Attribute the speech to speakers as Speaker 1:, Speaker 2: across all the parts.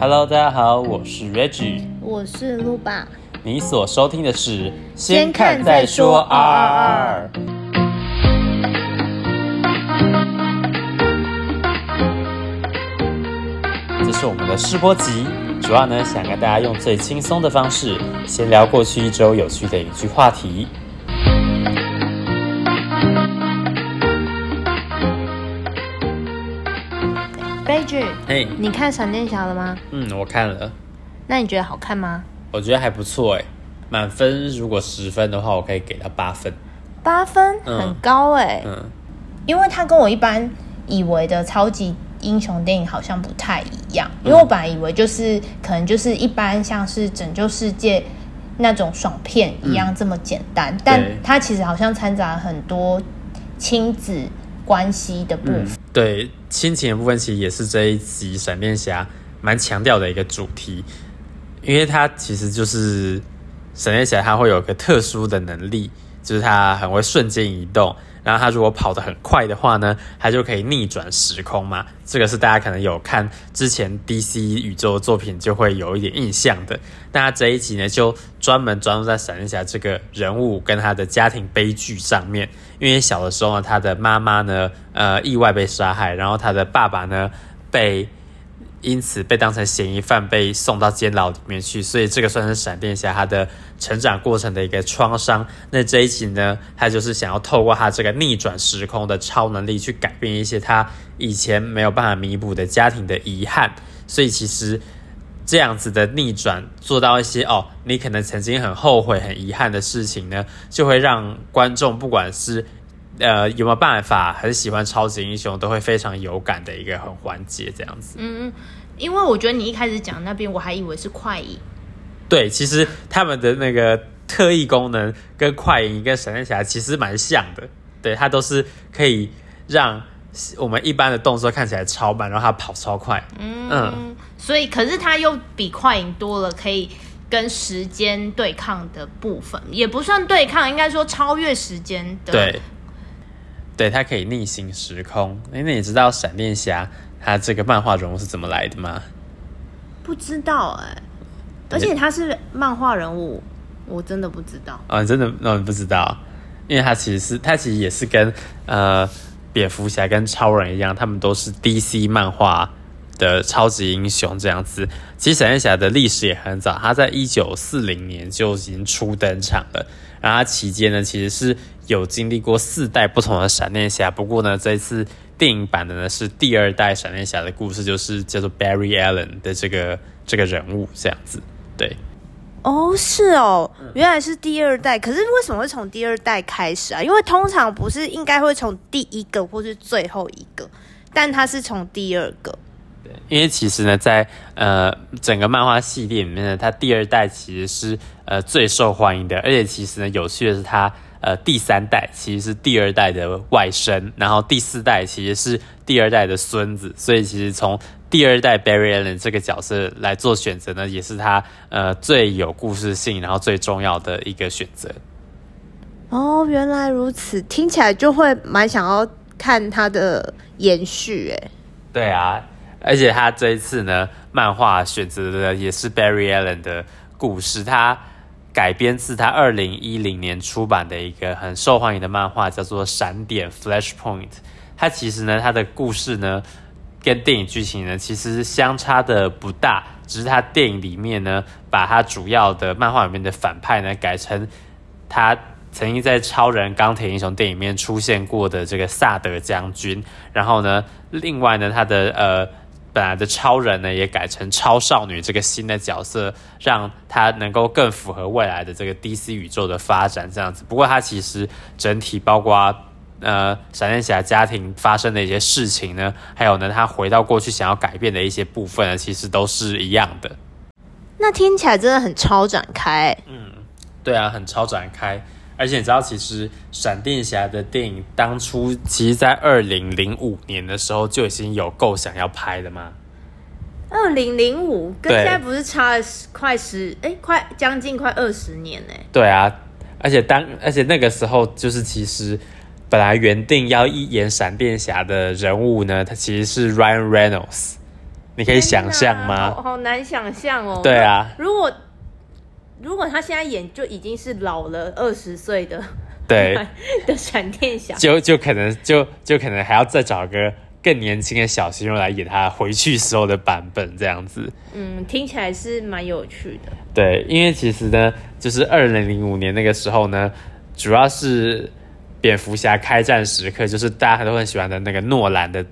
Speaker 1: Hello，大家好，我是 Reggie，
Speaker 2: 我是 Luba，
Speaker 1: 你所收聽的是先看再說二二二，這是我們的試播集，主要呢想跟大家用最輕鬆的方式，先聊過去一周有，有趣的一句話題。哎、hey，你
Speaker 2: 看《閃電俠》了嗎？
Speaker 1: 嗯，我看了。
Speaker 2: 那你覺得好看嗎？
Speaker 1: 我覺得還不錯哎、欸，滿分如果十分的話，我可以給他八分。
Speaker 2: 八分、嗯、很高哎、欸。
Speaker 1: 嗯，
Speaker 2: 因為它跟我一般以為的超級英雄電影好像不太一樣，因為我本來以為就是、嗯、可能就是一般像是拯救世界那種爽片一樣這麼簡單，嗯、但它其實好像摻雜了很多親子關係的部分。
Speaker 1: 嗯、對。親情的部分其實也是這一集《閃電俠》蠻強調的一個主題，因為它其實就是閃電俠，它會有個特殊的能力，就是它很會瞬間移動。然後他如果跑得很快的話呢，他就可以逆轉時空嘛。這個是大家可能有看之前 DC 宇宙的作品就會有一點印象的。那這一集呢，就專門專注在閃電俠這個人物跟他的家庭悲劇上面，因為小的時候呢，他的媽媽呢，呃，意外被殺害，然後他的爸爸呢，被。因此被當成嫌疑犯被送到監牢裡面去，所以這個算是閃電俠他的成長過程的一個創傷。那這一集呢，他就是想要透過他這個逆轉時空的超能力去改變一些他以前沒有辦法彌補的家庭的遺憾。所以其實這樣子的逆轉做到一些哦，你可能曾經很後悔、很遺憾的事情呢，就會讓觀眾不管是。呃，有沒有辦法很喜歡超級英雄都會非常有感的一個很環節這樣子？
Speaker 2: 嗯，因為我覺得你一開始講那邊，我還以為是快銀。
Speaker 1: 對，其實他們的那個特異功能跟快銀跟閃電俠其實蠻像的。對，他都是可以讓我們一般的動作看起來超慢，然後他跑超快嗯。嗯，
Speaker 2: 所以可是他又比快銀多了可以跟時間對抗的部分，也不算對抗，應該說超越時間的。對。
Speaker 1: 對他可以逆行時空，因為你知道閃電俠他這個漫畫人物是怎麼來的嗎？
Speaker 2: 不知道哎、欸，而且他是漫畫人物，我真的不
Speaker 1: 知道。啊、哦，你真的，我、哦、你不知道，因為他其實是他其實也是跟呃蝙蝠俠跟超人一樣，他們都是 DC 漫畫。的超級英雄這樣子，其實閃電俠的歷史也很早，他在一九四零年就已經初登場了。然後他期間呢，其實是有經歷過四代不同的閃電俠。不過呢，這次電影版的呢是第二代閃電俠的故事，就是叫做 Barry Allen 的這個這個人物這樣子。對，
Speaker 2: 哦，是哦，原來是第二代。可是為什麼會從第二代開始啊？因為通常不是應該會從第一個或是最後一個，但他是從第二個。
Speaker 1: 因為其實呢，在呃整個漫畫系列裡面呢，它第二代其實是呃最受歡迎的，而且其實呢，有趣的是，他呃第三代其實是第二代的外甥，然後第四代其實是第二代的孫子，所以其實從第二代 Barry Allen 這個角色來做選擇呢，也是他呃最有故事性，然後最重要的一個選擇。
Speaker 2: 哦，原來如此，聽起來就會蠻想要看他的延續，誒。
Speaker 1: 對啊。嗯而且他這一次呢，漫畫選擇的也是 Barry Allen 的故事。他改編自他二零一零年出版的一個很受歡迎的漫畫，叫做《閃點 Flashpoint》（Flashpoint）。他其實呢，他的故事呢，跟電影劇情呢，其實相差的不大。只是他電影裡面呢，把他主要的漫畫裡面的反派呢，改成他曾經在《超人鋼鐵英雄》電影裡面出現過的這個薩德將軍。然後呢，另外呢，他的呃。本來的超人呢，也改成超少女這個新的角色，讓她能夠更符合未來的這個 DC 宇宙的發展這樣子。不過，她其實整體包括呃閃電俠家庭發生的一些事情呢，還有呢他回到過去想要改變的一些部分呢，其實都是一樣的。
Speaker 2: 那聽起來真的很超展開。嗯，
Speaker 1: 對啊，很超展開。而且你知道，其實《閃電俠》的電影當初其實，在二零零五年的時候就已經有構想要拍的嗎？
Speaker 2: 二零零五跟現在不是差了十快十哎、欸，快將近快二十年
Speaker 1: 哎、欸。對啊，而且當而且那個時候，就是其實本來原定要一演閃電俠的人物呢，他其實是 Ryan Reynolds，你可以想象嗎？啊我好，
Speaker 2: 好難想象哦。對啊，如果。如果他現在演就已經是老了二十歲的對，對 的閃電俠，
Speaker 1: 就就可能就就可能還要再找個更年輕的小鮮肉來演他回去時候的版本，這樣子，嗯，
Speaker 2: 聽起來是蠻有趣的。
Speaker 1: 對，因為其實呢，就是二零零五年那個時候呢，主要是蝙蝠俠開戰時刻，就是大家都很喜歡的那個諾蘭的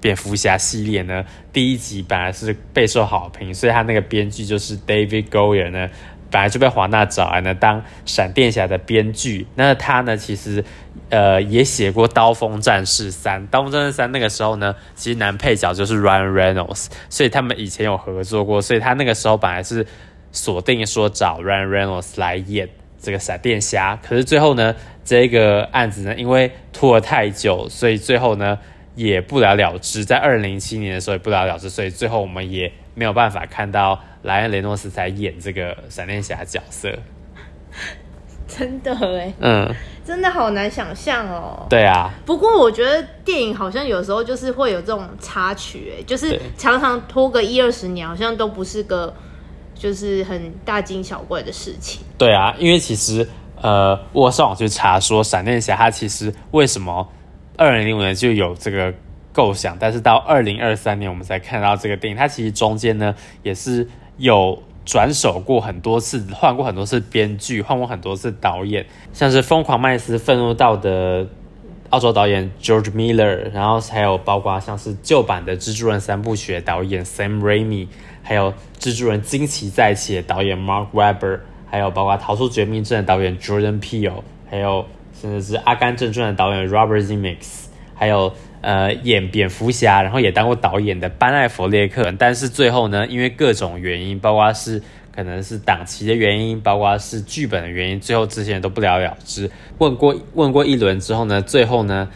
Speaker 1: 蝙蝠俠系列呢，第一集本來是備受好評，所以他那個編劇就是 David Goyer 呢。本來就被華納找來呢，當閃電俠的編劇。那他呢，其實呃也寫過《刀鋒戰士三》。《刀鋒戰士三》那個時候呢，其實男配角就是 Ryan Reynolds，所以他們以前有合作過。所以他那個時候本來是鎖定說找 Ryan Reynolds 來演這個閃電俠，可是最後呢，這個案子呢，因為拖了太久，所以最後呢也不了了之。在二零零七年的時候也不了了之，所以最後我們也沒有辦法看到。萊恩·雷諾斯才演這個閃電俠角色，
Speaker 2: 真的、欸、嗯，真的好難想象哦、喔。對啊，不過我覺得電影好像有時候就是會有這種插曲、欸，就是常常拖個一二十年，好像都不是個就是很大驚小怪的事情。
Speaker 1: 對啊，因為其實呃，我上網去查說，閃電俠他其實為什麼二零零五年就有這個。構想，但是到二零二三年我們才看到這個電影。它其實中間呢也是有轉手過很多次，換過很多次編劇，換過很多次導演，像是《瘋狂麥斯》憤怒道的澳洲導演 George Miller，然後還有包括像是舊版的《蜘蛛人三部曲》導演 Sam Raimi，還有《蜘蛛人驚奇再起》的導演 Mark Webber，還有包括《逃出絕命鎮》的導演 Jordan Peele，還有甚至是《阿甘正傳》的導演 Robert Zemeckis 還有呃演蝙蝠俠，然後也當過導演的班艾佛列克，但是最後呢，因為各種原因，包括是可能是檔期的原因，包括是劇本的原因，最後，這些人都不了了之。問過問過一輪之後呢，最後呢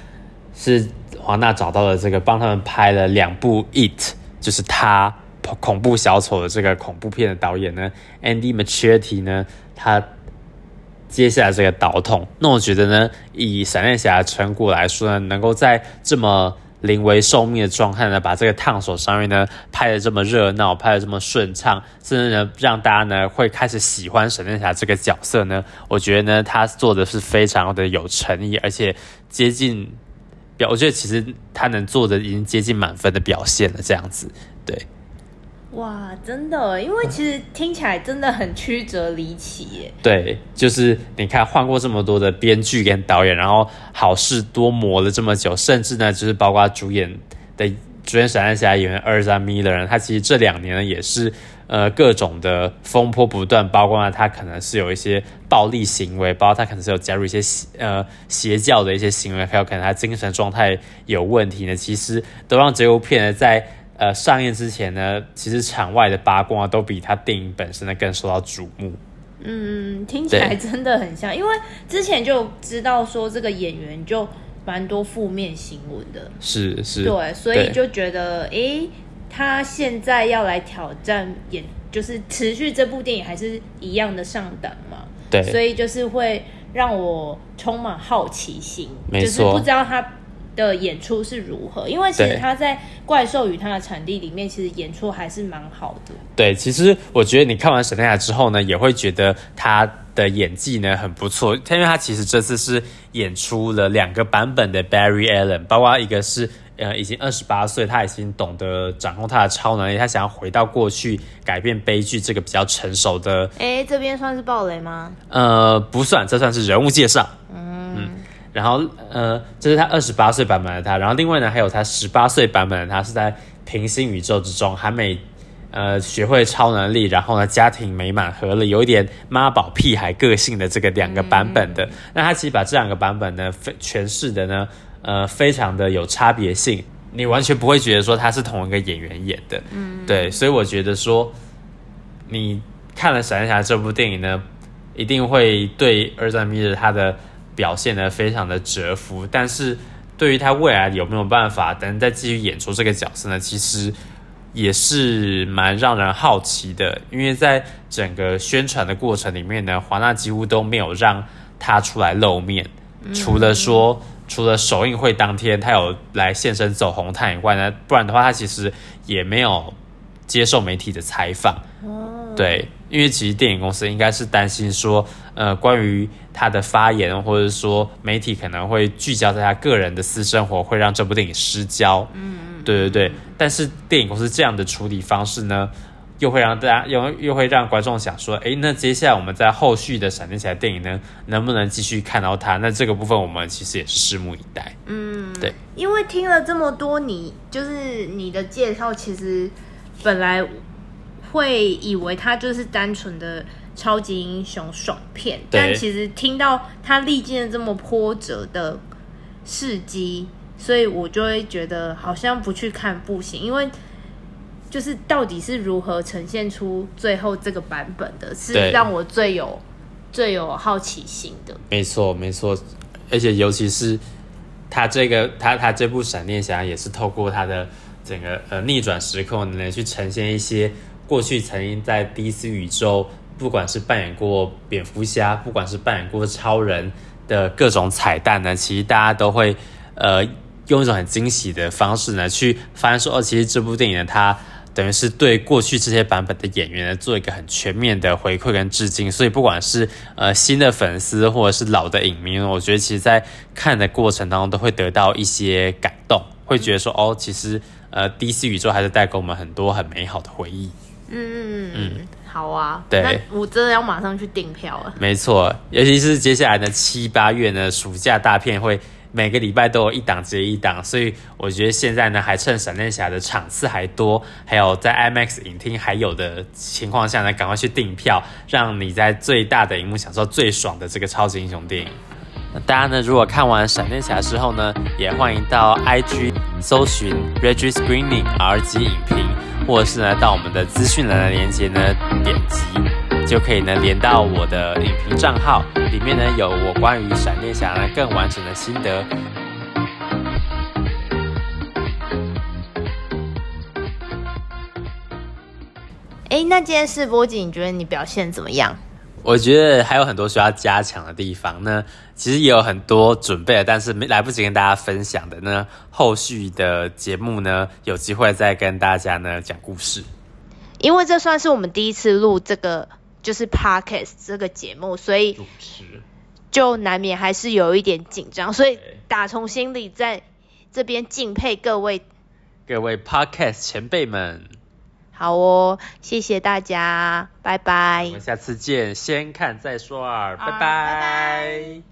Speaker 1: 是華納找到了這個幫他們拍了兩部《It》，就是他恐怖小丑的這個恐怖片的導演呢，Andy Muschietti 呢，他。接下來這個導筒，那我覺得呢，以閃電俠的成果來說呢，能夠在這麼臨危受命的狀態呢，把這個燙手山芋呢拍得這麼熱鬧，拍得這麼順暢，甚至呢讓大家呢會開始喜歡閃電俠這個角色呢，我覺得呢他做的是非常的有誠意，而且接近表，我覺得其實他能做的已經接近滿分的表現了，這樣子，對。
Speaker 2: 哇，真的，因為其實聽起來真的很曲折離奇耶。
Speaker 1: 對，就是你看換過這麼多的編劇跟導演，然後好事多磨了這麼久，甚至呢，就是包括主演的主演閃電俠演員伊薩米勒的人，他其實這兩年呢也是呃各種的風波不斷，包括呢他可能是有一些暴力行為，包括他可能是有加入一些邪呃邪教的一些行為，還有可能他精神狀態有問題呢，其實都讓這部片呢在。呃，上映之前呢，其實場外的八卦、啊、都比他電影本身呢更受到矚目。嗯，
Speaker 2: 聽起來真的很像，因為之前就知道說這個演員就蠻多負面新聞的，
Speaker 1: 是是，對，所以就
Speaker 2: 覺得，哎，他現在要來挑戰演，就是持續這部電影還是一樣的上檔嘛？對，所以就是會讓我充滿好奇心，沒錯，就是不知道他。的演出是如何？因為其實他在《怪獸與他的產地》裡面，其實演出還是
Speaker 1: 蠻好的。對，其實我覺得你看完沈泰雅之後呢，也會覺得他的演技呢很不錯。因為他其實這次是演出了兩個版本的 Barry Allen，包括一個是呃已經二十八歲，他已經懂得掌控他的超能力，他想要回到過去改變悲劇，這個比較成熟的。
Speaker 2: 哎、欸，這邊算是暴雷嗎？
Speaker 1: 呃，不算，這算是人物介紹。嗯。嗯然後，呃，這是他二十八歲版本的他。然後另外呢，還有他十八歲版本的他，是在平行宇宙之中，還沒呃學會超能力，然後呢家庭美滿和樂有一點媽寶屁孩個性的這個兩個版本的。嗯、那他其實把這兩個版本呢詮釋的呢，呃，非常的有差別性，你完全不會覺得說他是同一個演員演的。嗯。對，所以我覺得說，你看了《閃電俠》這部電影呢，一定會對伊薩米勒他的。表現得非常的折服，但是對於他未來有沒有辦法，能再繼續演出這個角色呢？其實也是蠻讓人好奇的，因為在整個宣傳的過程裡面呢，華納幾乎都沒有讓他出來露面，嗯、除了說，除了首映會當天他有來現身走紅毯以外呢，不然的話他其實也沒有接受媒體的採訪，對。因為其實電影公司應該是擔心說，呃，關於他的發言，或者說媒體可能會聚焦在他個人的私生活，會讓這部電影失焦。嗯，對對對。但是電影公司這樣的處理方式呢，又會讓大家又又會讓觀眾想說，哎，那接下來我們在後續的《閃電俠》電影呢，能不能繼續看到他？那這個部分我們其實也是拭目以待。嗯，對。
Speaker 2: 因為聽了這麼多你，你就是你的介紹，其實本來。會以為他就是單純的超級英雄爽片，但其實聽到他歷經了這麼波折的事蹟，所以我就會覺得好像不去看不行，因為就是到底是如何呈現出最後這個版本的，是讓我最有最有好
Speaker 1: 奇心的。沒錯，沒錯，而且尤其是他這個他他這部《閃電俠》也是透過他的整個呃逆轉時空來去呈現一些，過去曾經在 DC 宇宙，不管是扮演過蝙蝠俠，不管是扮演過超人的各種彩蛋呢，其實大家都會呃用一種很驚喜的方式呢去發現說哦，其實這部電影呢，它等於是對過去這些版本的演員呢做一個很全面的回饋跟致敬。所以不管是呃新的粉絲或者是老的影迷，我覺得其實在看的過程當中都會得到一些感動，會覺得說哦，其實呃 DC 宇宙還是帶給我們很多很美好的回憶。
Speaker 2: 嗯嗯嗯，好啊，對，我真的要馬上去訂票了。
Speaker 1: 沒錯，尤其是接下來的七八月呢，暑假大片會每個禮拜都有一檔接一檔，所以我覺得現在呢，還趁閃電俠的場次還多，還有在 IMAX 影廳還有的情況下呢，趕快去訂票，讓你在最大的熒幕享受最爽的這個超級英雄電影。那大家呢，如果看完閃電俠之後呢，也歡迎到 IG 搜尋 Reggie Screening R 級影評。或者是呢，到我們的資訊欄的連接呢，點擊就可以呢，連到我的影評賬號，裡面呢有我關於閃電俠的更完整的心得。哎、欸，
Speaker 2: 那今天試播集，你覺得你表現怎麼樣？
Speaker 1: 我覺得還有很多需要加強的地方呢。那其實也有很多準備了，但是沒來不及跟大家分享的呢。後續的節目呢，有機會再跟大家呢講故事。
Speaker 2: 因為這算是我們第一次錄這個就是 podcast 這個節目，所以就難免還是有一點緊張。所以打從心裡在這邊敬佩各位，
Speaker 1: 各位 podcast 前輩們。
Speaker 2: 好哦，謝謝大家，拜拜。我們
Speaker 1: 下次見，先看再說啊，拜拜。拜
Speaker 2: 拜。